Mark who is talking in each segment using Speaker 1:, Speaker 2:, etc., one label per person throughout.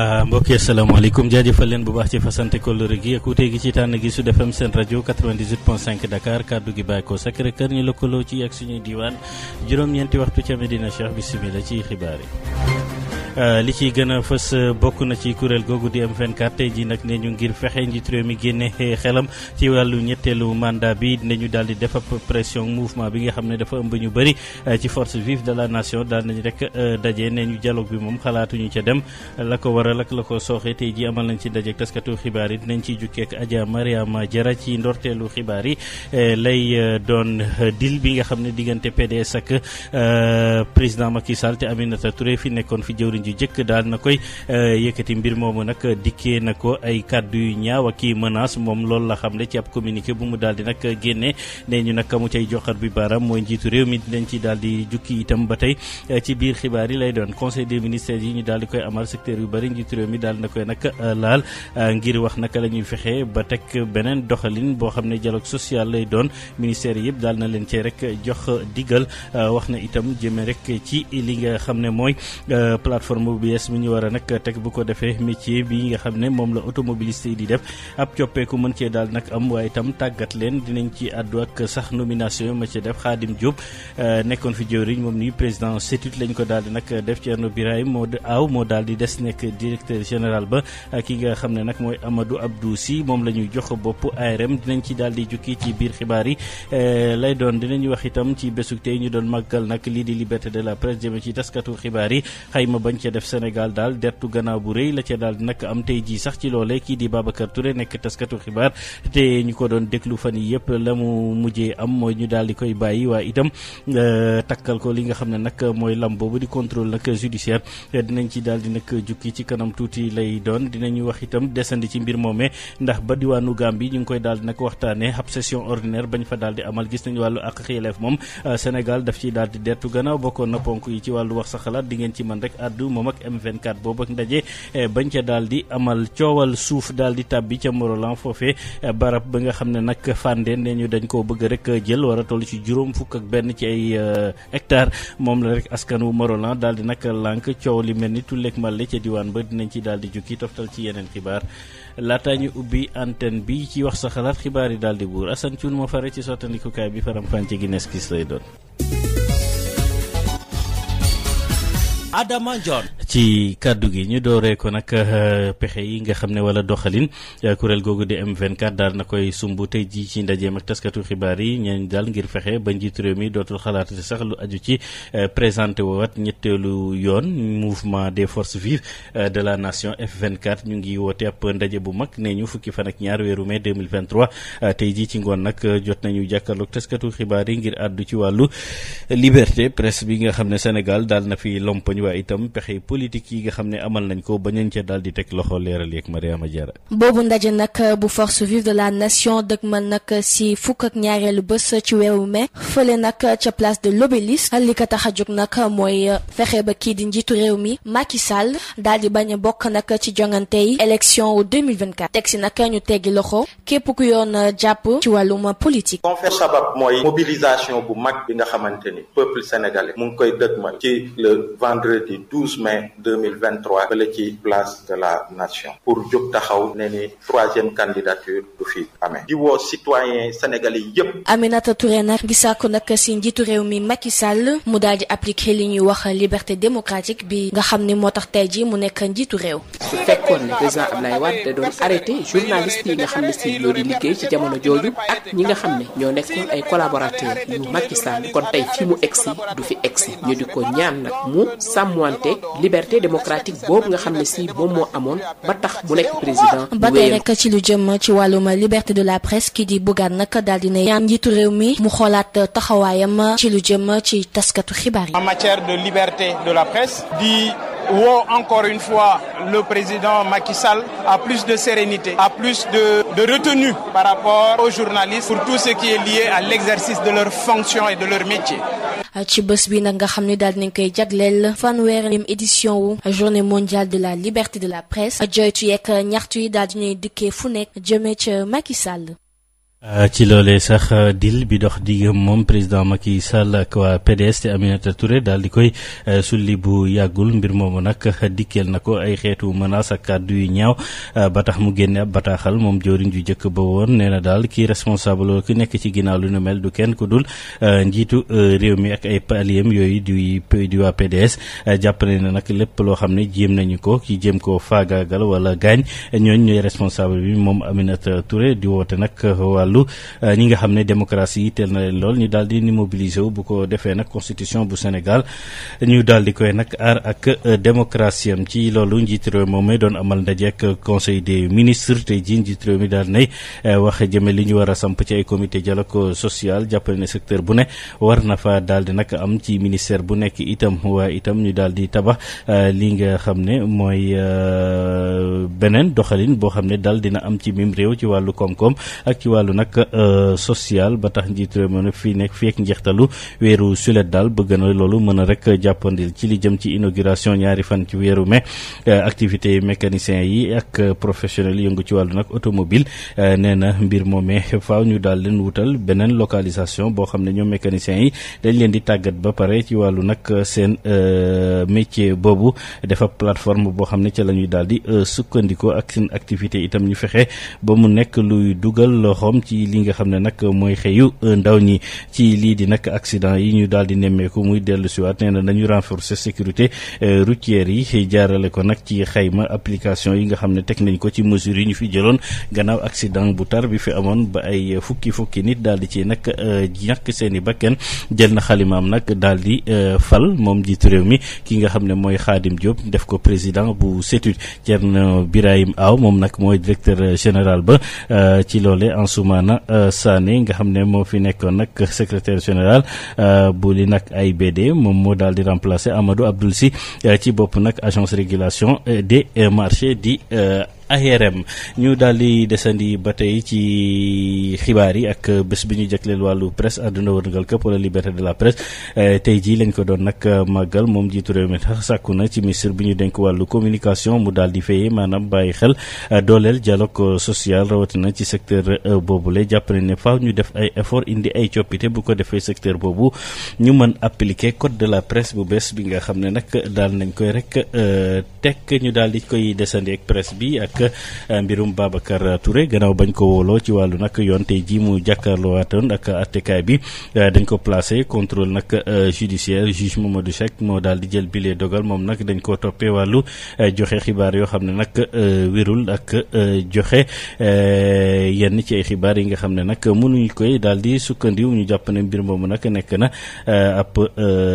Speaker 1: Euh, mbokk yi asalaamaaleykum jaajëfal leen bu baax ci fasante kóllëre gi ak wuute gi ci tànn gi Sud FM seen rajo 98.5 Dakar kaddu gi bàyyi ko Sacré-Cœur ñu lëkkaloo ci ak suñuy diiwaan juróom-ñeenti waxtu ca Medina Cheikh bisimilah ci xibaar yi. Euh, li ciy gën a fës euh, bokk na ci kuréel googu di M24 tey jii nag ne ñu ngir fexe njiit réew mi génne eh, xelam ci wàllu ñetteelu mandat bi dinañu daal di def ab pression mouvement bi nga xam ne dafa ëmb ñu bëri euh, ci force vive de la nation daal nañ rek daje ne ñu dialogue bi moom xalaatuñu ca dem la ko waral ak ko sooxee tey jii amal nañ ci daje taskatu xibaar yi dinañ ciy jukkee ak Adja Mariama Jara ci ndorteelu xibaar yi eh, lay doon dil bi nga xam ne diggante PDS ak président Macky Sall te Aminata Touré fi nekkoon fi jëwriñ ju jëkk daal na koy eh, yëkkati mbir moomu nag dikkee na ko ay kàddu yu ñaaw ak i menace moom loolu la xam ne ci ab communiqué bu mu daal di nag génnee nee ñu nag mu cay joxar bi baaraam mooy njiitu réew mi dinañ ci daal di jukki itam ba tey eh, ci biir xibaar yi lay doon conseil des ministères yi ñu daal di koy yu bëri njiitu réew mi daal na koy nag eh, laal ngir wax naka la ñuy fexe ba teg beneen doxalin boo xam ne dialogue social lay doon ministère yëpp daal na leen cee rek jox digal wax na itam jëme rek ci li nga xam ne mooy plateforme réforme bu yees mi ñu xam ne moom la automobiliste yi di def coppeeku mën cee daal nag am waaye itam tàggat leen dinañ ci àddu ak sax nomination ma ci def Khadim Diop euh, nekkoon fi jëwriñ moom ni président CETUD lañ ko daal di nag def Thierno Birahim moo aaw moo daal di des nekk directeur général ba euh, ki nga xam ne nag mooy Amadou Abdou Sy moom la ñuy jox bopp ARM dinañ ci daal di jukki ci biir xibaar yi euh, lay doon dinañu wax itam ci bésug tey ñu doon màggal nag lii di liberté de la presse jëme ci taskatu xibaar yi xayma bañ ca def Sénégal daal dettu gannaaw bu rëy la ca daal nag am tey jii sax ci loolee kii di Babacar Touré nekk taskatu xibaar te ñu ko doon déglu fan yi yëpp la mu mujjee am mooy ñu daal di koy bàyyi waaye itam euh, takkal ko li nga xam ne nag mooy lam boobu di contrôle nag judiciaire dinañ ci daal di nag jukki ci kanam tuuti lay doon dina ñu wax itam desandi ci mbir moomee ndax ba diwaanu Gambie ñu ngi koy daal di nag waxtaanee ab session ordinaire ba fa daal di amal gis nañu wàllu ak xiyeleef moom euh, Sénégal daf ciy daal di dettu gannaaw moom ak M24 boobu ak ndaje eh, bañ ca daal di amal coowal suuf daal di tàbbi ca Morolan foofe eh, barab ba nga xam ne nag Fandé nee ñu dañ koo bëgg rek jël war a toll ci juróom fukk ak benn ci ay eh, hectare moom la rek askan wu Morolan daal di nag lànk coow li mel ni tulleeg màlle ca diwaan ba dinañ ci daal di jukki toftal ci yeneen xibaar laataa ñu ubbi antenne bi ci wax sa xalaat xibaar yi daal di buur Assane Thioune moo fare ci sottandikukaay bi faram-fànce gi nees kis lay doon Adama Ndione ci kàddu gi ñu dooree ko nag euh, pexe yi nga xam ne wala doxalin euh, kuréel googu di M24 daal na koy sumb tey jii ci ndajeem ak taskatu xibaar yi ñeen daal ngir fexe ba njiit réew mi dootul xalaatati sax lu aju ci euh, présenté woowat ñetteelu yoon mouvement des forces vives de la nation F24 ñu ngi woote ab ndaje bu mag nee ñu fukki fan ak ñaar weeru mai 2023 tey jii ci ngoon nag jot nañu jàkkaarloog taskatu xibaar yi ngir àddu ci wàllu liberté nga xam ne Sénégal waa itam pexe politique yi nga xam ne amal nañ ko bañañ ca teg loxo leeral yeeg Mariama Diarra
Speaker 2: boobu ndaje nag bu force vive de la nation dëgmal nag si fukk ak ñaareelu bés ci weeru mai fële nag ca place de l'obélisque li ko tax a jóg nag mooy fexe ba kii di njiitu réew mi Macky Sall daal di bañ a bokk nag ci jongante yi élection wu 2024 teg si nag ñu teggi loxo képp ku yoon jàpp ci wàllum politique. conférence
Speaker 3: sabab mooy mobilisation bu mag bi nga xamante ni peuple vendredi 12 mai 2023 fële ci pour jóg taxaw ne ni troisième candidature du fi amee di woo citoyen sénégalais yépp
Speaker 2: Aminata Touré nag ngi si njiitu réew mi Macky Sall mu daal di li ñuy wax liberté démocratique bi nga xam ne moo tax tey ji mu nekk njiitu réew
Speaker 4: su fekkoon ne am Abdoulaye Wade da doon arrêté journaliste yi nga xam ne si ñoo di liggéey ci jamono jooju ak ñi nga xam ne ñoo nekkoon ay collaborateurs yu Macky kon tey fi mu egsi du fi egsi ñu di ko ñaan nag mu sàmmwante liberté démocratique boobu nga xam ni si moom moo amoon ba tax mu nekk président. ba tey rek
Speaker 2: ci lu jëmm ci wàllum liberté de la presse ki di Bougane nag daal ne ñaan njiitu réew mi mu xoolaat taxawaayam ci lu jëm ci taskatu xibaar
Speaker 3: yi. woo encore une fois le président Macky Sall à plus de sérénité, à plus de, retenue par rapport aux journalistes pour tout ce qui est lié à l'exercice de leur fonction et de leur métier.
Speaker 2: ci bés bi nag nga xam ne daal dinañ koy jagleel fanweerim édition wu journée mondiale de la liberté de la presse joytu yeeg ñaxtu yi daal di ñuy dikkee fu nekk jëmee ca Macky Sall.
Speaker 1: Euh, ci loolee sax euh, dil bi dox diggam moom président Macky Sall ak waa PDS te Aminata Touré daal di koy euh, sulli bu yàggul mbir moomu nag dikkeel na ko ay xeetu menace ak kàddu yu ñaaw ba tax mu génne ab bataaxal moom jëwriñ ju njëkk ba woon nee na daal kii responsable ku nekk ci ginnaaw lu nu mel du kenn ku dul njiitu réew mi ak ay paliem yooyu di di waa PDS jàpp na nag lépp loo xam ne jéem nañu ko ki jéem koo faagaagal wala gaañ ñooñ ñooy responsable bi moom Aminata Touré di wàllu euh, ñi nga xam ne démocratie yi teel na leen lool ñu daal di ni mobiliser bu ko defee nag constitution bu Sénégal ñu daal di koy nag aar ak euh, démocratie ci loolu njiit réew moom doon amal ndaje ak conseil de ministre tey jii njiit réew mi daal nay euh, wax jëme li ñu war a samp ci ay comité dialogue social jàppale ne secteur bu ne war na fa daal di nag am ci ministère bu nekk itam waaye itam ñu daal di tabax li nga xam ne mooy beneen doxalin boo xam ne daal dina am ci mim ci wàllu koom nag euh, social ba tax njiit réew mi nag fii nekk fii ak njeextalu weeru sulet daal bëgg na loolu mën a rek jàppandil ci li jëm ci inauguration ñaari fan ci weeru mai euh, activité mécanicien yi ak professionnels yëngu ci wàllu nag automobile euh, nee na mbir moomee faaw ñu daal leen wutal beneen localisation boo xam ne ñoom mécaniciens yi dañ leen di tàggat ba pare ci wàllu nag seen métier boobu dafa plateforme boo xam ne ca la ñuy daal seen activité itam ñu fexe ba mu ci li nga xam ne nag mooy xëyu ndaw ñi ci lii di nag accident yi ñu daal di nemmeeku muy dellu siwaat nee na nañu renforcer sécurité euh, routière yi jaarale ko nag ci xayma application yi nga xam ne teg nañ ko ci mesures yi ñu fi jëloon gannaaw accident bu tar bi fi amoon ba ay fukki fukki nit daal di ci nag euh, ñàkk seen i bakken jël na xalimaam nag daal di euh, fal moom jiitu réew mi ki nga xam ne mooy Xaadim Diop def ko président bu setu CETUD Thierno Birahim aaw moom nag mooy directeur général ba Souleymane euh, Sané nga xam ne moo fi nekkoon nag secrétaire général euh, bu li nag ay AIBD moom moo daal di remplacer Amadou Abdoul si euh, ci bopp nag agence régulation des marchés di ARM ñu daal di desandi ba tey ci xibaar yi ak bés bi ñu jagleel wàllu presse àdduna wërngal këpp wala liberté de la presse eh, tey jii lañ ko doon nag eh, màggal moom jiitu réew mi sax na ci ministre bi ñu dénk wàllu communication mu daal di fayee maanaam bàyyi xel eh, dooleel dialogue social rawatina ci secteur boobule jàpp ne ne faaw ñu def ay effort indi ay coppite bu ko defee secteur boobu ñu mën appliquer code de la presse bu bees bi nga xam ne nag daal nañ koy rek teg ñu daal nag eh, mbirum Babacar Touré gannaaw bañ ko wooloo ci wàllu nag yoon tey jii mu jàkkaarloo waatoon ak attekaay bi eh, dañ ko placé contrôle nag eh, judiciaire juge du Cheikh moo daal di jël bile dogal moom nag dañ koo toppee wàllu joxe xibaar yoo xam ne nag wérul ak joxe yenn ci ay xibaar yi nga xam ne nag mënuñu koy daal di sukkandiw ñu jàpp ne mbir moomu nag nekk na ab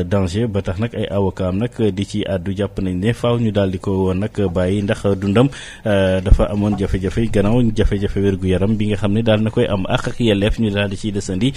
Speaker 1: danger ba tax nag ay avocat am nag di ci àddu jàpp nañ ne faaw ñu daal ko woon nag bàyyi ndax Euh, dafa amoon jafe-jafe gannaaw jafe-jafe wér-gu-yaram bi nga xam ne daal na koy am àq ak yelleef ñu daal di ciy desandi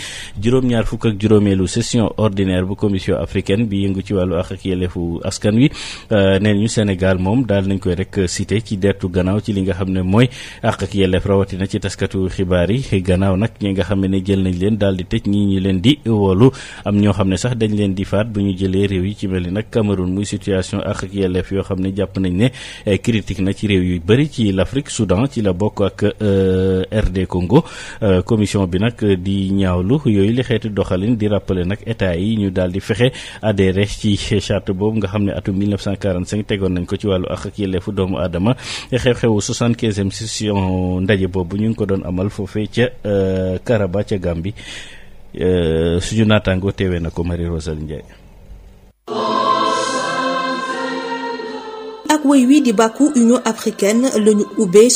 Speaker 1: juróom-ñaar fukk ak juróomeelu session ordinaire bu commission africaine bi yëngu ci wàllu àq ak yelleefu askan wi euh, nee ñu Sénégal moom daal nañ koy rek cité ci dertu gannaaw ci li nga xam ne mooy àq ak yelleef rawatina ci taskatu xibaar yi gannaaw nag ñi nga xam ne jël nañ leen daal di tëj ñii ñi leen di woolu am ñoo xam ne sax dañ leen di faat bu ñu jëlee réew yi ci mel nag Cameroun muy situation àq ak yoo xam ne jàpp nañ eh, ci l'Afrique Soudan ci la bokk ak euh, RD Congo euh, commission bi nag di ñaawlu yooyu li xeeti doxalin di rappeler nag état yi ñu daal di fexe adhéré ci charte boobu nga xam ne atum 1945 tegoon nañ ko ci wàllu ak ak yelleefu doomu aadama xew-xewu 75e session ndaje boobu ñu ngi ko doon amal foofe ca euh, Karaba ca Gambie suñu naataango teewee na ko Marie Rosalie Ndiaye
Speaker 5: ak woy wi di bàkku union africaine la ñu ubbee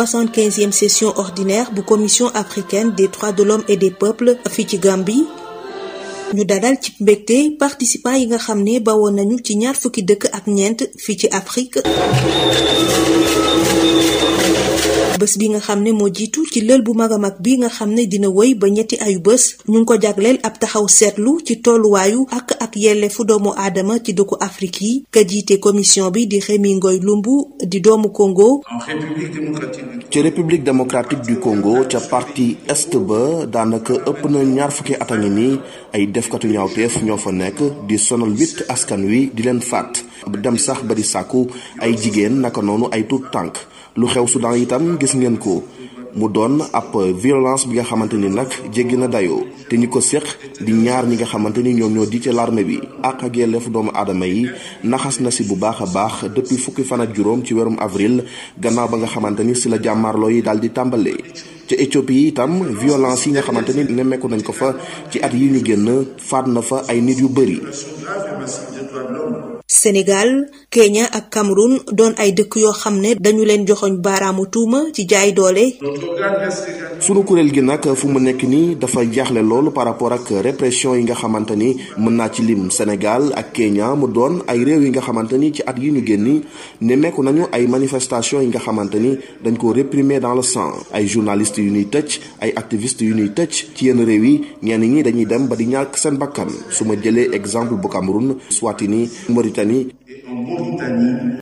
Speaker 5: e session ordinaire bu commission africaine des droits de l'homme et des peuples fii ci Gambie ñu dalal ci mbégte participants yi nga xam ne bawoon nañu ci ñaar fukki dëkk ak ñeent fi ci Afrique bés bi nga xam ne moo jiitu ci lël bu mag a mag bi nga xam ne dina woy ba ñetti ayu bés ñu ngi ko jagleel ab taxaw seetlu ci tolluwaayu ak ak fu doomu aadama ci dëkku Afrique yi ka jiite commission bi di Rémy Ngoy Lumbu di doomu Congo.
Speaker 6: ci république démocratique du Congo ca parti est ba daanaka ëpp na ñaar fukki at a ngi nii ay defkatu ñaawteef ñoo fa nekk di sonal witt askan wi di leen faat dem sax ba di sàkku ay jigéen naka noonu ay tuut tànk lu xew Soudan itam gis ngeen ko mu doon ab violence bi nga xamante ni nag jéggi na dayoo te ñi ko séq di ñaar ñi nga xamante ni ñoom ñoo di ci l'armée bi ak ak yelleefu doomu aadama yi naxas na si bu baax a baax depuis fukki fan ak juróom ci weerum avril gannaaw ba nga xamante ni si la jàmmaarloo yi daal di tàmbalee ca Éthiopie itam violence yi nga xamante ni nemmeeku nañ ko fa ci at yi ñu génn faat na fa ay nit yu bëri
Speaker 5: Sénégal Kenya ak Cameroun doon ay dëkk yoo xam ne dañu leen joxoñ baaraamu tuuma ci jaay doole.
Speaker 6: sunu kuréel gi nag fu mu nekk nii dafa jaaxle loolu par rapport ak répression yi nga xamante ni mën naa ci lim Sénégal ak Kenya mu doon ay réew yi nga xamante ni ci at yi ñu génn ne nekku nañu ay manifestations yi nga xamante ni dañ ko réprimer dans le sang ay journalistes yu nuy tëj ay activistes yu ñuy tëj ci yenn réew yi ñenn ñi dañuy dem ba di ñàkk seen bakkan su ma jëlee exemple bu Cameroun
Speaker 5: Swatini Mauritanie.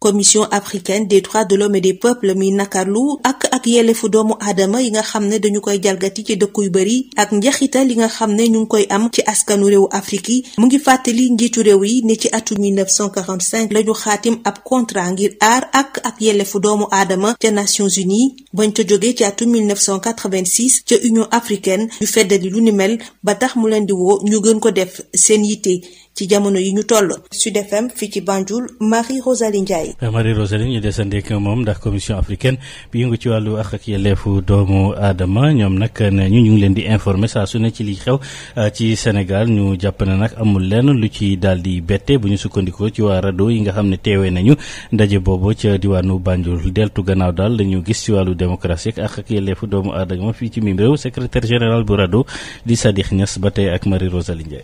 Speaker 5: commission africaine des droits de l'homme et des peuples mi nakarlu ak ak yelleefu doomu aadama yi nga xam ne dañu koy jalgati ci dëkk yu bëri ak njeexital yi nga xam ne ñu ngi koy am ci askanu réewu Afrique yi mu ngi fàttali njiitu réew yi ne ci atum 1945 la ñu xaatim ab contrat ngir aar ak ak yelleefu doomu aadama ca Nations Unies bañ ca jógee ci atum 1986 ca Union africaine ñu feddali lu ni mel ba tax mu leen di woo ñu gën ko def seen yitte. ci jamono yi ñu toll Sud FM fii ci Banjul Marie Rosalie Ndiaye.
Speaker 1: Euh, Marie Rosalie ñu desandeek moom ndax commission africaine bi yëngu ci wàllu àq ak yelleefu doomu aadama ñoom nag ne ñu ngi leen di informer saa su ne ci li xew euh, ci Sénégal ñu jàpp ne nag amul lenn lu ci daal di bette bu ñu sukkandikoo ci waa rajo yi nga xam ne teewee nañu ndaje boobu ca diwaanu Banjul deltu gannaaw daal la gis ci wàllu démocratie ak àq ak yelleefu doomu aadama fii ci mim réew secrétaire général bu rajo di Sadikh Niass ba tey ak Marie Rosalie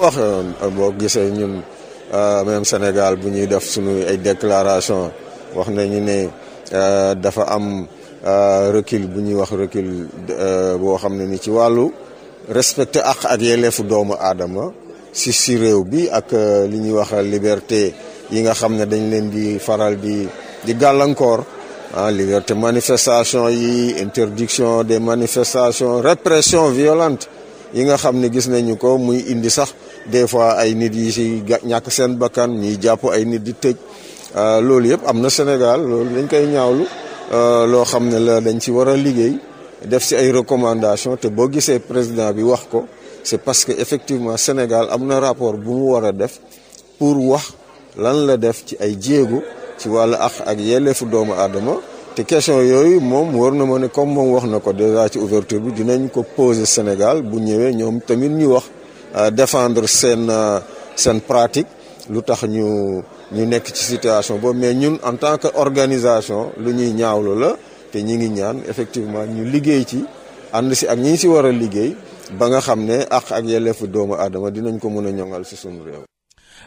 Speaker 7: wax euh, boo gisee ñun euh, même Sénégal bu ñuy def suñu ay déclaration wax nañu ne euh, dafa am recul bu ñuy wax recul boo xam ne ni ci wàllu respecter ak ak yelleefu doomu aadama si si réew bi ak li ñuy wax liberté yi nga xam ne dañ leen di faral di di gàllankoor ah liberté manifestation yi interdiction des manifestations répression violente yi nga xam ne gis nañu ko muy indi sax des fois ay nit yi si ñàkk seen bakkan ñuy jàpp ay nit di tëj euh, loolu yëpp am na Sénégal loolu dañ koy ñaawlu euh, loo xam ne la dañ ci war a liggéey def si ay recommandations te boo gisee président bi wax ko c'est parce que effectivement Sénégal am na rapport bu mu war a def pour wax lan la def ci ay jéego ci wàllu àq ak yelleefu doomu aadama te question yooyu moom war na ma ne comme moom wax na ko déjà ci ouverture bi dinañ ko poser Sénégal bu ñëwee ñoom tamit ñu wax Euh, défendre seen euh, seen pratique lu tax ñu ñu nekk ci situation boobu mais ñun en tant que organisation lu ñuy ñaawlu la te ñi ngi ñaan effectivement ñu liggéey ci ànd si ak ñi si war liggéey ba nga xam ne àq ak yelleefu doomu aadama dinañ ko mën a ñoŋal si suñu réew.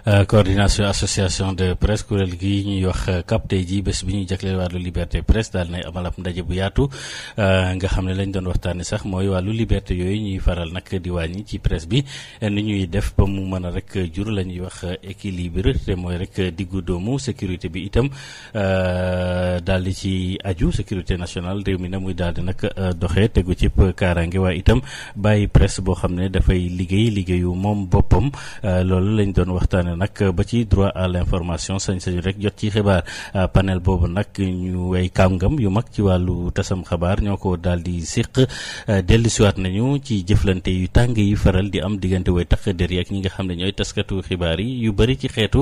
Speaker 1: Euh, coordination association de presse kuréel gi ñuy wax euh, CAP tey jii bés bi ñuy jagleel wàllu liberté presse daal nay amal ab ndaje bu yaatu euh, nga xam ne lañ doon waxtaanee sax mooy wàllu liberté yooyu ñuy faral nag di wàññi ci presse bi ni ñuy def ba mu mën a rek jur la ñuy wax équilibre te mooy rek diggu doomu sécurité bi itam daal di ci aju sécurité national réew mi na muy daal di nag doxee tegu cib kaaraange waaye itam bàyyi presse boo xam ne dafay liggéey liggéeyu moom boppam waxtaane nag ba ci droit à l'information sañ-sañu rek jot ci xibaar ah, panel boobu nag ñu ay kàngam yu mag ci wàllu tasam xabaar ñoo ko daal di dellu ah, dellusiwaat nañu ci jëflante yu tàng yi faral di am diggante way tax der ak ñi nga xam ne ñooy taskatu xibaar yi yu bëri ci xeetu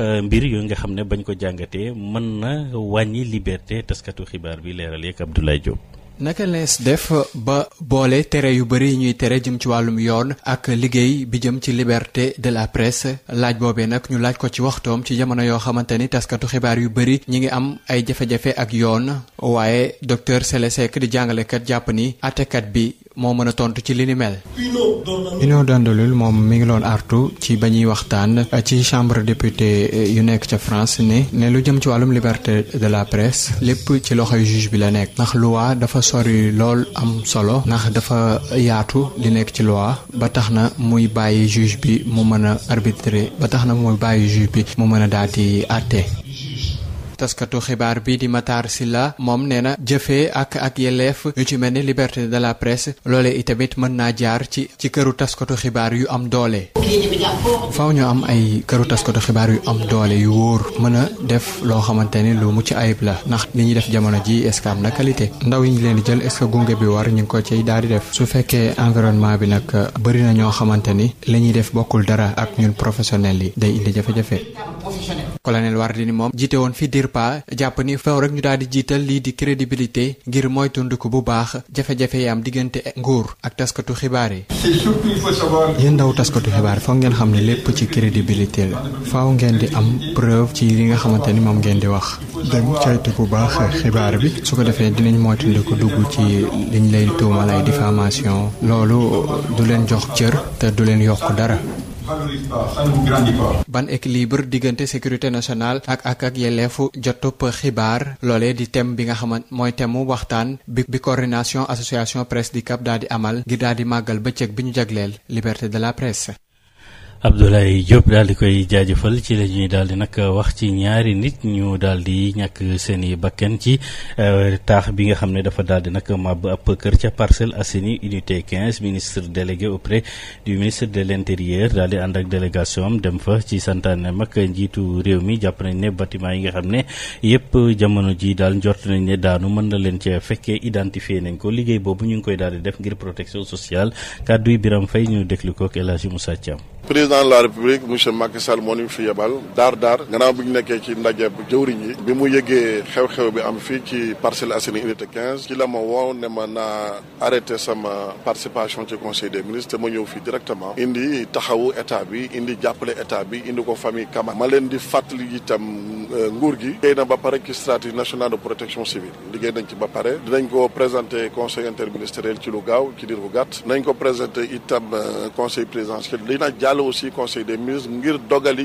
Speaker 1: ah, mbir yooyu nga xam ne bañ ko jàngatee mën na wàññi liberté taskatu xibaar bi leeral yeeg Abdoulaye Diop
Speaker 8: naka lees def ba boole tere yu bëri ñuy tere jëm ci wàllum yoon ak liggéey bi jëm ci liberté de la presse laaj boobee nag ñu laaj ko ci waxtoom ci jamono yoo xamante ni taskatu xibaar yu bëri ñi ngi am ay jafe-jafe ak yoon waaye docteur Sélé Seck di jàngalekat jàpp ni àttekat bi moo mën a tontu ci li ni mel. Bruno Dandalul moom mi ngi loon artu ci ba ñuy waxtaan ci chambre député eh, yu nekk ca France ne ne lu jëm ci wàllum liberté de la presse lépp ci loxoy juge bi la nekk ndax loi dafa sori lool am solo ndax dafa yaatu li nekk ci loi ba tax na muy bàyyi juge bi mu mën a arbitrer ba tax na muy bàyyi juge bi mu mën a daal di àtte. taskatu xibaar bi di Matar la moom nee na jëfee ak ak yelleef yu ci mel ni liberté de la presse loole itamit mën naa jaar ci ci këru taskatu xibaar yu am doole. faw ñu am ay këru taskatu xibaar yu am doole yu wóor mën a def loo xamante ni lu mucc ayib la ndax li ñuy def jamono ji est-ce na qualité ndaw yi ñu leen jël est-ce que gunge bi war ñu ko ci daal di def su fekkee environnement bi nag euh, bëri na ñoo xamante ni li ñuy def bokkul dara ak ñun professionnel yi day indi jafe-jafe. colonel Wardini moom jiite woon fi DIRPA jàpp ni faw rek ñu daal di jiital lii di crédibilité ngir moytandiku bu baax jafe yi am diggante nguur ak taskatu xibaar yi. yéen ndaw taskatu xibaar foog ngeen xam ne lépp ci crédibilité la faw ngeen di am preuve ci li nga xamante ni moom ngeen di wax. dem caytu bu baax xibaar bi su ko defee dinañ moytandiku dugg ci liñ lay tuumal ay diffamation loolu du leen jox cër te du leen yokk dara. valorise
Speaker 5: pas ça
Speaker 8: ban équilibre diggante sécurité nationale ak ak ak yelleefu jotub xibaar loole di thème bi nga xamant mooy thème mu waxtaan bi bi coordination association presse di Cap daal di amal ngir daal di màggal bëccëg bi ñu jagleel liberté de la presse.
Speaker 1: Abdoulaye Diop daal di koy jaajëfal ci la ñuy daal di nag wax ci ñaari nit ñu daal di ñàkk seen i bakken ci euh, taax bi nga xam ne dafa daal di nag màbb ab kër ca Parcelles Assainies unité 15 ministre délégué auprès du ministre de l' intérieur daal di ànd ak délégation am dem fa ci santaane mag njiitu réew mi jàpp nañ ne bâtiment yi nga xam ne yëpp jamono ji daal njort nañ ne daanu mën na leen ca fekkee identifier nañ ko liggéey boobu ñu ngi koy daal di def ngir protection sociale kàddu yi Biram Fay ñu déglu ko ak El Hadji Moussa
Speaker 9: président de la république monsieur Macky Sall moo ñu fi yebal daar daar gannaaw bi ñu nekkee ci ndaje bu jëwriñ yi bi mu yëgee xew-xew bi am fii ci Parcelles Assainies unité 15 ci la ma woo ne ma naa arrêté sama participation ci conseil des ministres te ma ñëw fii directement indi taxawu état bi indi jàppale état bi indi ko famille Kama ma leen di fàttali itam euh, nguur gi liggéey na ba pare ci stratégie nationale de protection civile liggéey nañ ci ba pare dinañ ko présenter conseil interministériel ci lu gaaw ci diir bu gàtt nañ ko présenter itam euh, conseil présidentiel la aussi conseil des ministres ñu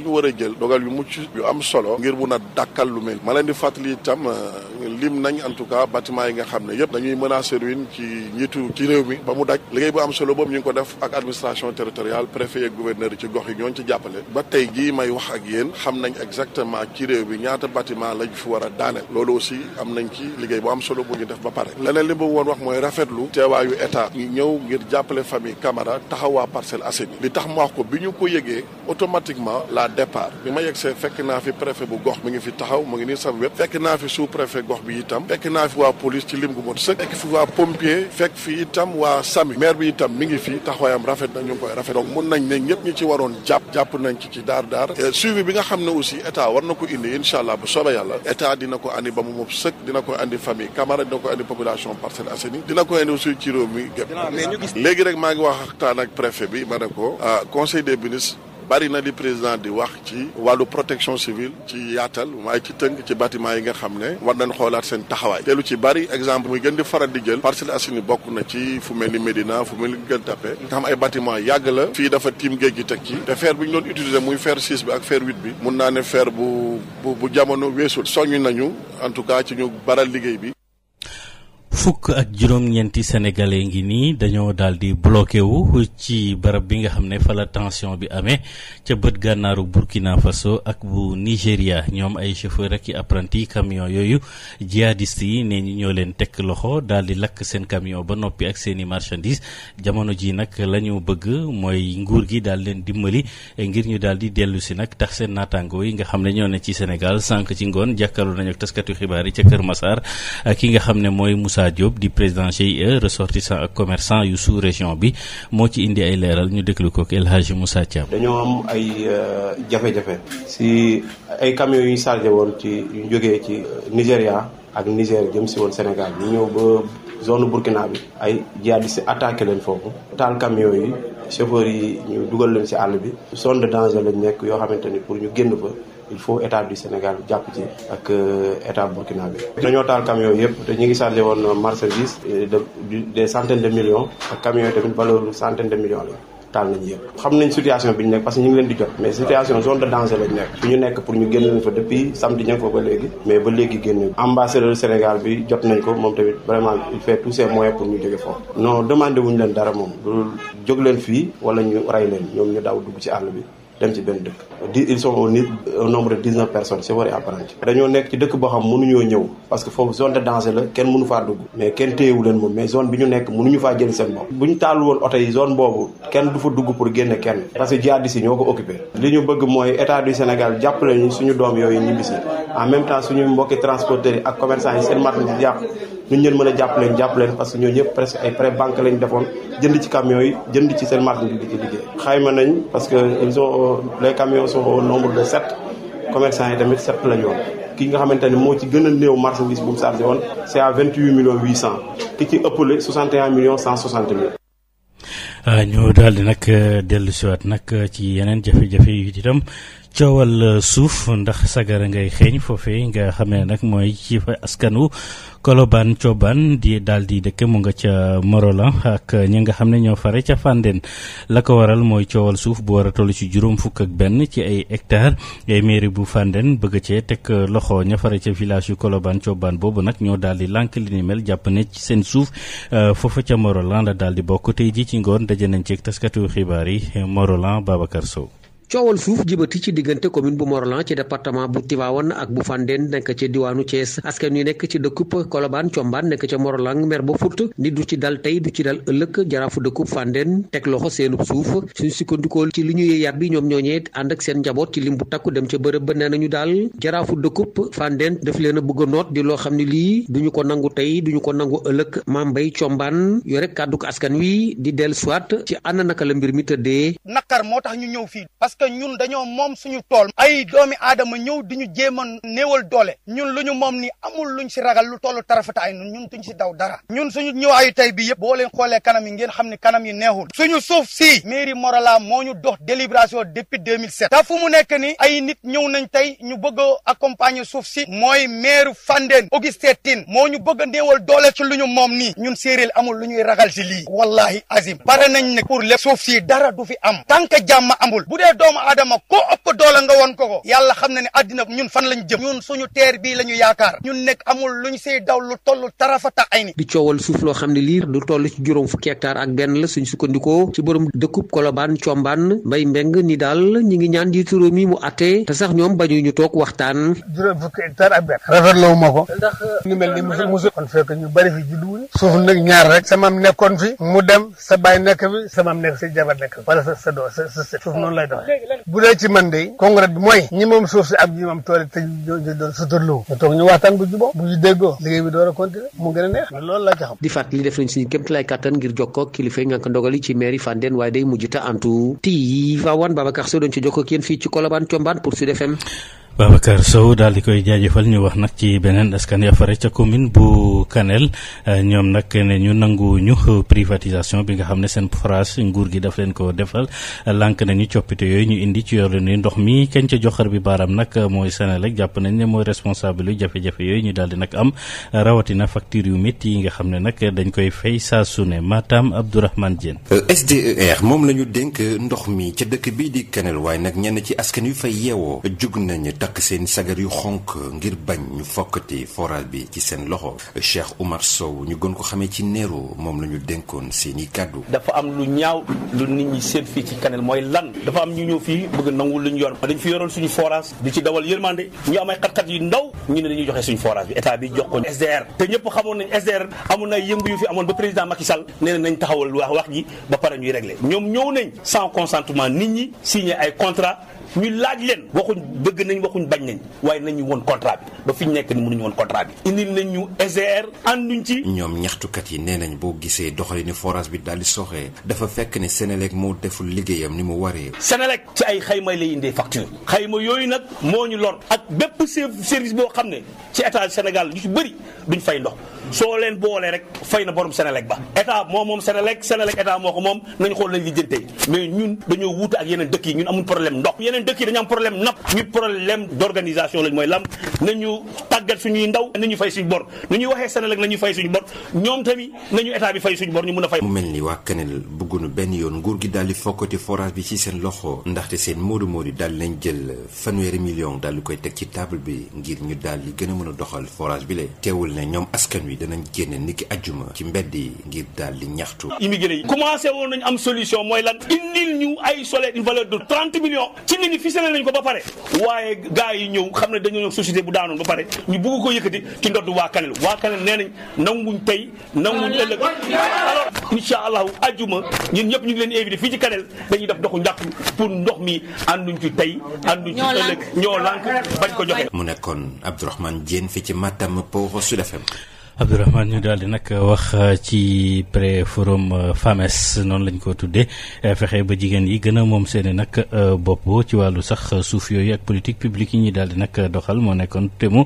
Speaker 9: war a jël dogal yu mucc yu am solo ngir mun a dàkkal lu mel ma leen di fàttali itam euh, lim nañ en tout cas bâtiment yi nga xam ne yëpp dañuy menacer ruine ci njiitu ci réew mi ba mu daj liggéey bu am solo boobu ñu ngi ko def ak administration territorial préfet yeeg gouverneur yi ci gox yi ñooñu ci jàppale ba tey jii may wax ak yéen xam nañ exactement ci réew bi ñaata batiment lañ fi war a daaneel loolu aussi am nañ ci liggéey bu am solo bu ñu def ba pare leneen li ma woon wax mooy rafetlu teewaayu état ñëw ngir jàppale famille Camara taxawaa Parcelles Assainies li tax ma wax ko bi ñu ko yëgee automatiquement la départ bi ma yegsee fekk naa fi préfet bu gox mi ngi fi taxaw mu ngi nii sama wet fekk naa fi sous préfet gox bi itam fekk naa fi waa police ci lim gu mot sëkk fekk fi waa pompier fekk fi itam waa sami maire bi itam mi ngi fi taxawaayam rafet na ñu ngi koy rafet donc mun nañ ne ñëpp ñi ci waroon jàpp nañ ci ci daar daar suivi bi nga xam ne aussi état war na ko indi incha allah bu soobee yàlla état dina ko andi ba mu moom des ministres bari na li président di wax ci wàllu protection civile ci yaatal waaye ci tënk ci batiment yi nga xam ne war nañ xoolaat seen taxawaay te ci bari exemple muy gën di faral di jël Parcelles Assainies bokk na ci fu mel ni Médina fu mel ni Gueule Tapée nga xam ay batiment yàgg la fii dafa tiim géej gi teg ci te fer bi ñu doon utiliser muy fer 6 bi ak fer 8 bi mun naa ne fer bu bu bu jamono weesul soññ nañu en tout cas ci ñu baral liggéey bi
Speaker 1: fukk ak juróom-ñeenti sénégalais ngi nii dañoo daal di bloqué wu ci barab bi nga xam ne fala la tension bi amee ca bët gànnaaru Burkina Faso ak bu nigeria ñoom ay chauffeur ak i apprenti camion yooyu jihadiste yi nee ñu ñoo leen tekk loxo daal di lakk seen camion ba noppi ak seen i marchandise jamono ji nag la ñu bëgg mooy nguur gi daal leen dimbali ngir ñu daal di dellu si nag tax seen naataango yi nga xam ne ñoo ne ci Sénégal sànq ci ngoon jàkkaarloo nañu ak taskatu xibaar yi ca Kër Massar Moussa Diop di président GIE ressortissant ak commerçant yu sous région bi moo ci indi ay leeral ñu déglu ko ak El Hadji
Speaker 3: dañoo am ay euh, jafe-jafe si ay camions yu ñu chargé woon ci yu jógee ci Nigéria ak Niger jëm si woon Sénégal ñu ñëw ba zone Burkina bi ay jihadistes attaqué leen foofu taal camions yi chauffeurs yi ñu dugal leen si àll bi zone de danger lañ nekk yoo xamante pour ñu génn fa. il faut état du Sénégal jàpp ci ak euh, état Burkina bi dañoo taal camion yëpp te ñu ngi chargé woon marchandise euh, de des centaines de millions ak camions yi tamit valeur centaine de millions la taal nañu yëpp xam nañ situation bi ñu nekk parce que ñu ngi leen di jot mais situation zone de danger lañ nekk fi ñu nekk pour ñu génn fa depuis samedi ñu fa ba léegi mais ba léegi génn ambassadeur Sénégal bi jot nañ ko moom tamit vraiment il fait tous ses ñu jóge foofu non demandé wuñu leen dara moom loolu jóg leen fii wala ñu ñoom ñu daw dugg ci àll bi dem ci benn dëkk di ils sont nombre de neuf personnes chauffeurs et apprentis dañoo nekk ci dëkk boo xam mënuñoo ñëw parce que foofu zone de danger la kenn mënu faa dugg mais kenn téyewu leen moom mais zone bi ñu nekk mënuñu faa jël seen bopp bu ñu taal woon oto yi zone boobu kenn du fa dugg pour génne kenn parce que jihadistes yi ñoo ko occupé li ñu bëgg mooy état du Sénégal jàppale ñu suñu doom yooyu ñibbisi en même temps suñu mbokki transporteurs yi ak commerçants yi seen marchandise ñu leen mën a jàpp leen jàpp leen parce que ñoo ñëpp presque ay prêt banque lañ defoon jënd ci camions yi jënd ci seen marché bi ci liggéey xayma nañ parce que ils ont les camions sont au nombre de sept commerçants yi tamit sept la woon ki nga xamante ne moo ci gën a néew marchandise bu mu chargé woon c'est à 28 millions 800 ki ci ëppale 61 millions 160 mille
Speaker 1: euh, ñu daal di nag euh, dellu siwaat nag euh, ci yeneen jafe-jafe yi itam coowal euh, suuf ndax sagara ngay xeeñ foofee nga xam nag mooy ci askanu Colobane Coobaan di daal di dëkk mu nga ca Morolan ak ña nga xam ne ñoo fare ca Fandène la ko waral mooy coowal suuf bu war a toll ci juróom fukk ak benn ci ay hectares ay mairie bu Fandène bëgg cee teg loxo ña fare ca village yu Colobane Coobaan boobu nag ñoo daal di lànk li ni mel jàpp ne ci seen suuf euh, foofa ca Morolan la daal di bokk tey ji ci ngoon daje nañ ci taskatu xibaar yi Morolan Babacar Sow.
Speaker 4: coowal suuf jibati ci diggante commune bu Morolan ci département bu Tivaouane ak bu Fandène nekk ci diwaanu Thiès askan wi nekk ci dëkkub Colobane Combaan nekk ca Morolan mer ba fut ni du ci dal tey du ci dal ëllëg jaraafu dëkkub Fandène teg loxo seenub suuf suñ sukkandikoo ci li ñu ñuy yàbbi ñoom ñooñee ànd ak seen njaboot ci lim bu takku dem ca bërëb ba nee nañu daal jaraafu dëkkub Fandène daf leen a bëgg a noot di loo xam ne lii duñu ko nangu tey duñu ko nangu ëllëg Mame Mbaye Combaan yore kàddu ko askan wi di dellu soit ci ànd naka la mbir mi tëddee
Speaker 10: nakar moo tax ñu ñëw parce ñun dañoo moom suñu tool ay doomi aadama ñëw di jéem a néewal doole ñun lu ñu moom ni amul luñ si ragal lu tollu tarafataay nun ñun duñ si daw dara ñun suñu ñëwaayu tey bi yëpp boo leen xoolee kanam yi ngeen xam ne kanam yi neexul suñu suuf si mairie Morala moo ñu dox délibération depuis 2007 te fu mu nekk ni ay nit ñëw nañ tey ñu bëgg a accompagner suuf si mooy maire Fandène Augustin Tine moo ñu bëgg a néewal doole ci lu ñu moom nii ñun séeréel amul lu ñuy ragal si lii wallahi azim bare nañ ne pour lépp suuf si dara du fi am tant que jàmm amul doomu aadama ko ëpp doole nga won ko ko yàlla xam na ne àddina ñun fan lañ jëm ñun suñu teer bii la ñu yaakaar ñun nekk amul lu ñu siy daw lu toll
Speaker 4: tarafata ay ni di coowal suuf loo xam ne lii lu toll ci juróom fukki hectare ak benn la suñ sukkandikoo ci borom dëkkub kolobaan combaan mbay mbeng ni daal ñi ngi ñaan jiitu réew mu atte te sax ñoom bañu ñu toog waxtaan juróom fukki hectare ak benn ma ko ñu mel ni musul musul kon fekk ñu bari fi juddu wuñu suuf nag ñaar rek samam nekkoon fi mu dem sa baay
Speaker 10: nekk fi samam nekk sa jabar nekk wala sa sa doo sa sa suuf noonu lay doxee bu dee ci man de congrès bi mooy ñi moom suuf si ak ñi moom tool te doon suturloo ñu toog ñu waxtaan bu juboo bu ñu déggoo liggéey bi door a continuer mu gën a neex loolu la ci
Speaker 4: xam di fàttali def nañ suñu kémtu lay kàttan ngir jokkoo kilifa yi nga ko ndogali ci mairie den waaye day mujj ta antu tii Fawaan Babacar Sow doon ci jokkoo ko yéen fii ci Colobane Thiombane pour Sud FM
Speaker 1: Babacar Sow daal di koy jaajëfal ñu wax nag ci beneen askan ya fare ca commune bu Kanel euh, ñoom nag ne ñu nangu ñu privatisation bi nga xam ne seen forage nguur gi daf leen ko defal lank nañu coppite yooyu ñu indi ci yor ni ndox mi kenn ca joxar bi baaraam nag mooy Senelec jàpp nañ ne mooy responsable yu jafe-jafe yooyu ñu daal di am rawatina facture yu métti yi nga xam ne nag dañ koy fay saa su ne Matam Abdourahmane Diène.
Speaker 11: Euh, SDER moom la ñu dénk ndox mi ca dëkk bii di Kanel waaye nag ñenn ci askan yu fay yeewoo jug nañu takk seen sagar yu xonk ngir bañ ñu fokkati forage bi ci seen ñu gën ko xamee ci Nero moom la ñu dénkoon seen i kàddu dafa
Speaker 12: am lu ñaaw lu nit ñi seen fii ci Kanel mooy lan dafa am ñu ñëw fii bëgg nangul lu ñu yor dañ fi yoroon suñu forage di ci dawal yërmande ñu amay xat-xat yu ndaw ñu ne dañuy joxe suñu forage bi état bi jox ko SDR te ñëpp xamoon nañ SDR amoon na yëngu yu fi amoon ba président Macky Sall nee nañ taxawal wax wax ji ba pare ñuy régler ñoom ñëw nañ sans consentement nit ñi signé ay contrat ñu laaj leen waxuñ bëgg nañ waxuñ bañ nañ waaye nañu woon contrat bi ba fi nekk ni mënuñu woon contrat bi indil nañ
Speaker 11: ñu SDR ànduñ ci ñoom ñaxtukat yi nee nañ boo gisee doxalinu forage bi daal di soxee dafa fekk ne Sénélec moo deful liggéeyam ni mu waree
Speaker 12: Sénélec ci ay xayma lay indee facture xayma yooyu nag moo ñu lor ak bépp service boo xam ne ci état Sénégal ñu ci bëri duñ fay ndox soo leen boolee rek fay na borom Sénélec ba état moom moom Sénélec Sénélec état moo ko moom nañ xool lañ li jëntee mais ñun dañoo wuute ak yeneen dëkk yi ñu amul problème ndox yeneen dëkk yi dañu am problème napp ñu problème d'organisation lañ mooy lam nañu tàggat suñuy ndaw nañu fay suñu bor ñuy waxee Sénélec nañu fay suñu bor ñoom tamit nañu état bi fay suñu bor ñu mën a fay mu mel ni waa Kanel
Speaker 11: bëgguñu benn yoon nguur gi daal di fokkati forage bi ci seen loxo ndaxte seen moodu moodu daal lañ jël fanweeri million daal di koy teg ci table bi ngir ñu daal di gën a mën a doxal forage bi le teewul ne ñoom askan wi danañ génne niki ajjuma ci mbedd yi ngir daal di ñaxtu.
Speaker 12: immigré yi commencé woon nañu am solution mooy lan indil ñu ay solaire une valeur de trente millions ci nit ñi ficelé nañ ko ba pare waaye gars yi ñëw xam ne dañoo société bu daanoon ba pare ñu bugg ko yëkkati ci ndodd waa Kanel waa Kanel nee nañ nanguñ tey nanguñ ëllëg alors incha allahu ajjuma ñun ñëpp ñu ngi leen invité fii ci Kanel dañuy def doxu njàqu pour ndox mi ànduñ ci tey ànduñ ci ëllëg ñoo lànk bañ ko joxe.
Speaker 11: mu nekkoon Abdourahmane Diène fi ci Matam pour Sud FM
Speaker 1: Abdourahmane ñu daal di nag wax euh, ci pré forum euh, FAMES noonu lañ ko tuddee euh, fexe ba jigéen yi gën a moom seeni nag bopp ci wàllu sax suuf yooyu ak politique publique yi ñuy daal di nag doxal moo nekkoon te mu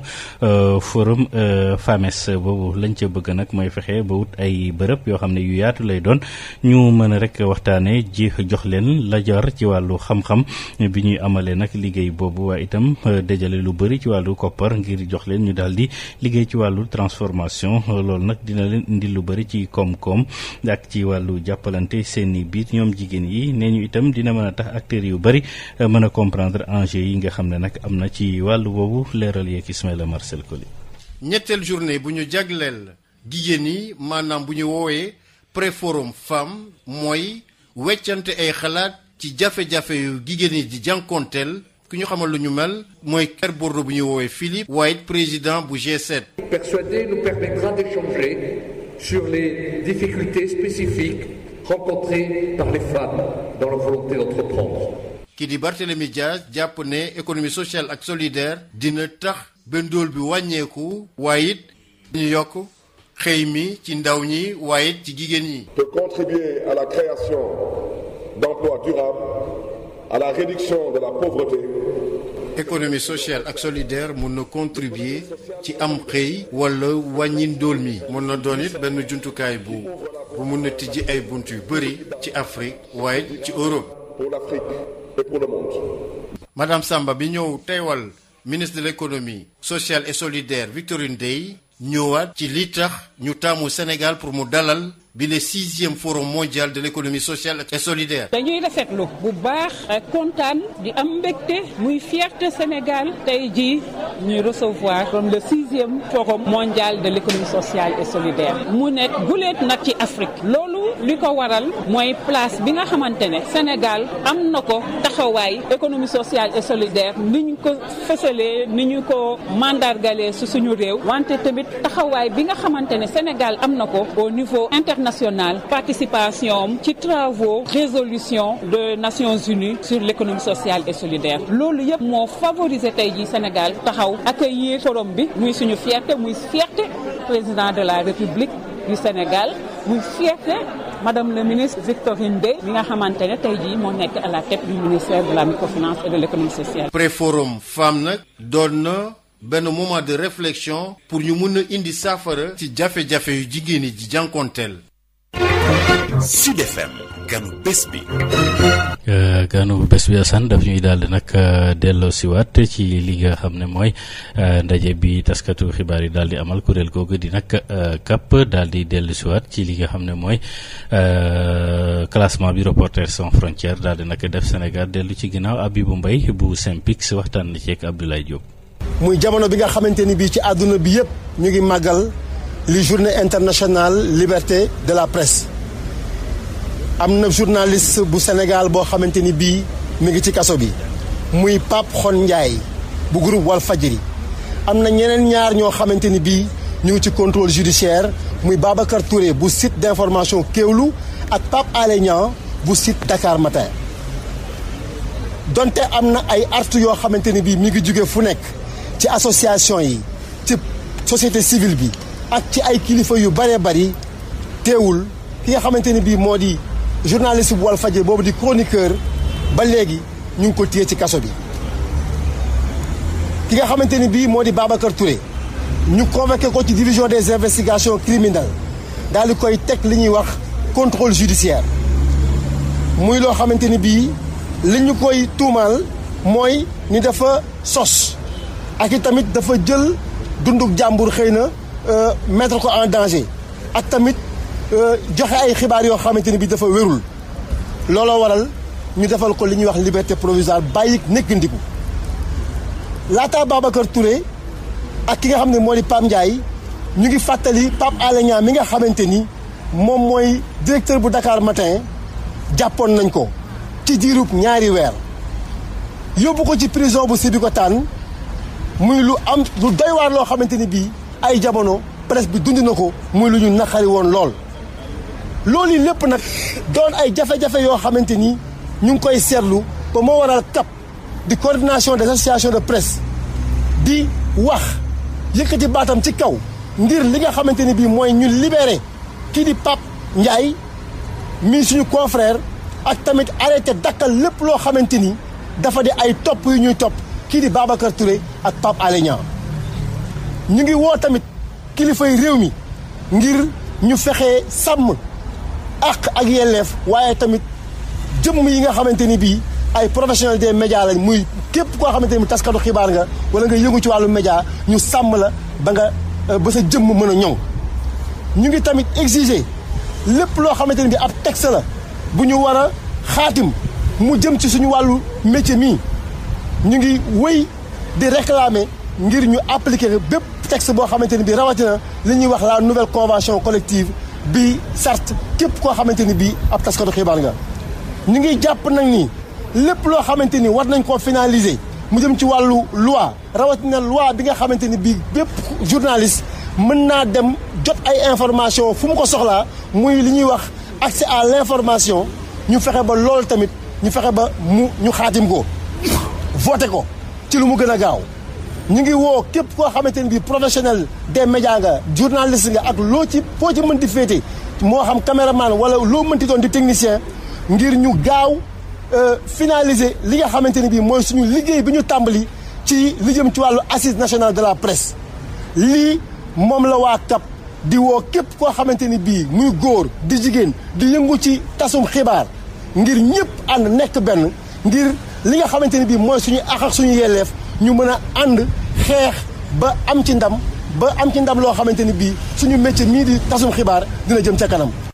Speaker 1: forum FAMES boobu lañ ca bëgg nag mooy fexe ba wut ay bërëb yoo xam ne yu yaatu lay doon ñu mën a rek waxtaanee ji jox leen la ci wàllu xam-xam bi ñuy amalee nag liggéey boobu waaye itam dajale lu bëri ci wàllu koppar ngir jox leen ñu daal di liggéey ci wàllu transformation. innovation loolu nag dina leen indi lu bari ci koom-koom ak ci wàllu jàppalante seeni i biir ñoom jigéen yi nee ñu itam dina mën a tax acteurs yu bëri euh, mën a comprendre enjeu yi nga xam ne nag am na ci wàllu boobu leeral yeeg Ismaïla Marcel Koli.
Speaker 13: ñetteel journée bu ñu jagleel jigéen yi maanaam bu ñu woowee préforum femme mooy weccante ay xalaat ci jafe-jafe yu jigéen yi di jànkonteel ku ñu xamal lu ñu mel mooy Kër Bordeaux bu ñuy woowee Philippe waaye président bu G7. Persuadé nous permettra d'échanger sur les difficultés spécifiques rencontrées par les femmes dans leur volonté d'entreprendre. kii di Barthélémy Dias jàpp ne économie sociale ak solidaire dina tax bëndool bi wàññeeku waaye it ñu yokk xëy mi ci ndaw ñi waaye ci jigéen ñi. de contribuer à la
Speaker 9: création d'emplois durables. à la la
Speaker 13: économie sociale ak solidaire mun na contribuer ci am xëy wala wàññi ndóol mi mun na doon it benn jumtukaay bu mun na tijji ay bunt yu bëri ci Afrique waaye ci Europe pour Madame Samba bi ñëw teewal ministre de l'économie sociale et solidaire Victorine Dey ñëwaat ci li tax ñu taamu Sénégal pour mu dalal bi le sixième forum mondial de l' économie sociale et solidaire.
Speaker 4: dañuy rafetlu bu baax ak eh, kontaan di am mbégte muy fierté Sénégal tey jii ñuy recevoir comme le sixième forum mondial de l' économie sociale et solidaire mu nekk guleet nag ci Afrique li ko waral mooy place bi nga xamante ne Sénégal am na ko taxawaay économie sociale et solidaire ni ñu ko fësalee ni ñu ko mandargalee su suñu réew wante tamit taxawaay bi nga xamante ne Sénégal am na ko au niveau international participation ci travaux résolution de Nations Unies sur l'économie sociale et solidaire loolu yëpp moo favoriser tey jii Sénégal taxaw accueillir forum bi muy suñu fierté muy fierté président de la République du Sénégal muy fierté madame le ministre Victorine Dey mi nga xamante ne tey jii moo nekk à la tête du ministère de la microfinance et de l'économie sociale.
Speaker 13: préforum femme nag doon na benn moment de réflexion pour ñu mën a indi saafara ci jafe-jafe yu jigéen yi ji jànkonteel. Sud FM
Speaker 12: ganu bés bi.
Speaker 1: ganu bés bi asan daf ñuy daal di nag euh, siwaat ci li nga xam ne mooy euh, ndaje bi taskatu xibaar yi daal di amal kuréel googu di nag euh, CAP daal di dellu siwaat ci li nga xam ne mooy classement bi Reporters sans frontières daal di nag def Sénégal dellu ci ginnaaw Abibou Mbaye bu Synpics waxtaan na ci ak Abdoulaye Diop.
Speaker 10: muy jamono bi nga xamante ni bii ci àdduna bi yëpp ñu ngi màggal li journée internationale liberté de la presse. am na journaliste bu Sénégal boo xamante ni bii mi ngi ci kaso bi muy Pape Xon Ndiaye bu groupe Walfadjri am na ñeneen ñaar ñoo xamante ni bii ñu ngi ci contrôle judiciaire muy Babacar Touré bu site d'information Kéwlu ak Pape Alé Niang bu site Dakar Matin donte am na ay artu yoo xamante ni bii mi ngi jóge fu nekk ci association yi ci société civile bi ak ci ay kilifa yu bëree bëri teewul ki nga xamante ni bii moo di journaliste bu Walfadjri boobu di chroniqueur ba léegi ñu ngi ko téye ci kaso bi ki nga xamante ni bii moo di Babacar Touré ñu convoqué ko ci division des investigations criminelles daal di koy teg li ñuy wax contrôle judiciaire muy loo xamante ni bii li ñu koy tuumaal mooy ni dafa sos ak i tamit dafa jël dunduk jàmbur xëy na euh, mettre ko en danger ak tamit Euh, joxe ay xibaar yoo xamante ni bi dafa wérul looloo waral ñu defal ko li ñuy wax liberté provisoire bàyyi nekk ndiku laata Babacar Touré ak ki nga xam ne moo di Pape Ndiaye ñu ngi fàttali Pape Alé Niang mi nga xamante ni moom mooy directeur bu dakaar Matin jàppoon nañ ko ci diirub ñaari weer yóbbu ko ci prison bu Sébikotane muy lu am lu doy waar loo xamante ni bii ay jamono presse bi dund na ko muy lu ñu naqari woon lool. loolu lépp nag doon ay jafe-jafe yoo xamante ni ñu ngi koy seetlu ba moo waral CAP di coordination des associations de presse di wax yëkkati baatam ci kaw ngir li nga xamante ni bii mooy ñu libéré kii di Pape Ndiaye mii suñu confrère ak tamit arrêté dakkal lépp loo xamante ni dafa di ay topp yu ñuy topp kii di Babacar Touré ak Pape Alé ñu ngi woo tamit kilifay réew mi ngir ñu fexe sàmm àq ak yelleef waaye tamit jëmm yi nga xamante ni bii ay professionnels des médias lañ muy képp koo xamante ni taskatu xibaar nga wala nga yëngu ci wàllu média ñu sàmm la ba nga euh, ba sa jëmm mën a ñoŋ. ñu ngi tamit exiger lépp loo xamante ni bi ab texte la bu ñu war a xaatim mu jëm ci suñu wàllu métier mii ñu ngi wéy di réclamer ngir ñu appliquer bépp texte boo xamante ni bi rawatina li ñuy wax la nouvelle convention collective. bi sart képp koo xamante ni bii ab taskatu xibaar nga ñu ngi jàpp nag ni lépp loo xamante ni war nañ koo finaliser mu jëm ci wàllu loi rawatina loi bi nga xamante ni bii bépp journaliste mën naa dem jot ay information fu mu ko soxlaa muy li ñuy wax accès à l'information ñu fexe ba lool tamit ñu fexe ba mu ñu xaatim ko voté ko ci lu mu gën a gaaw ñu ngi woo képp koo xamante ni bii professionnel des médias nga journaliste nga ak loo ci foo ci mën di féete moo xam caméraman wala loo mënti doon di technicien ngir ñu gaaw euh, finaliser li nga xamante ni bii mooy suñu liggéey bi ñu tàmbali ci li jëm ci wàllu assise nationale de la presse lii moom la waa CAP di woo képp koo xamante ni bii muy góor di jigéen di yëngu ci tasum xibaar ngir ñëpp ànd nekk benn ngir li nga xamante ni bii mooy suñu àq ak suñu yelleef ñu mën a ànd xeex ba am ci ndam ba am ci ndam loo xamante ni bii suñu métier mii di tasum xibaar dina jëm ca kanam